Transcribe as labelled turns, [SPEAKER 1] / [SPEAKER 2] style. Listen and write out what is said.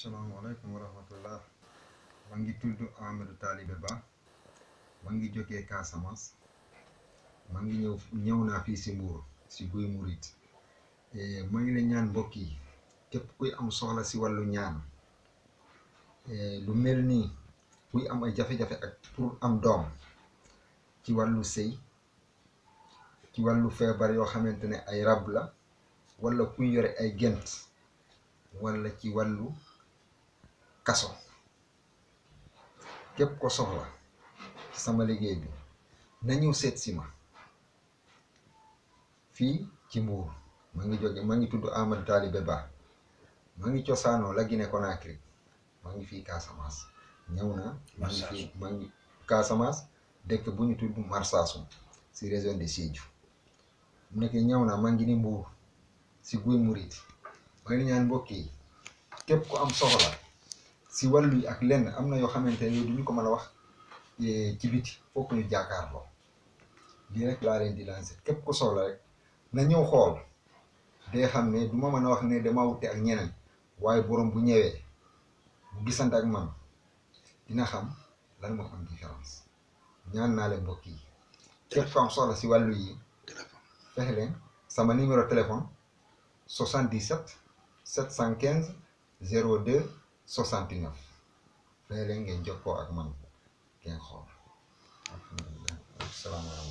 [SPEAKER 1] asalaamaaleykum wa rahmatullah ma ngi tudd Amadou Talibé Ba ma ngi jógee Casamance ma ngi ñëw ñëw naa fii si Mbour si Guy Mouride e, ma ngi la ñaan mbokk yi képp kuy am soxla si wàllu ñaan e, lu mel nii kuy am ay jafe-jafe ak pour am doom ci wàllu sëy ci wàllu feebar yoo xamante ne ay rab la wala kuy yore ay gént wala ci wàllu kaso kep ko soxla sama liggey bi nañu set sima fi ma ci Mbuur ma ngi joge ma ngi tuddu Amad Talibé Ba ma ngi mangi la kasamas, Conakry ma ngi fi Casamance ñewna ma ngi fi ma ngi dekk bu ñu si région de sidjou mu nekk ñëw ma ngi ni si Guy Mouride ma ngi ñaan mbokki kep ko am soxla ci wàllu yi ak lenn am na yoo xamante ne du ñu ko mën a wax eh, ci biti fokk ñu jàkkaarloo lii rek laa leen di lancer képp ku soxla rek na ñëw xool day xam ne du ma mën a wax ne dama wuute ak ñeneen waaye boroom bu ñëwee bu gisante ak man dina xam lan moo am différence ñaan naa leen mbokk yi képp ku soxla si wàllu yi fexe leen sama numéro téléphone 77 715 02 so léeg-léeg ngeen jokkoo ak man ngeen xool alhamdulilah salaamaaleykum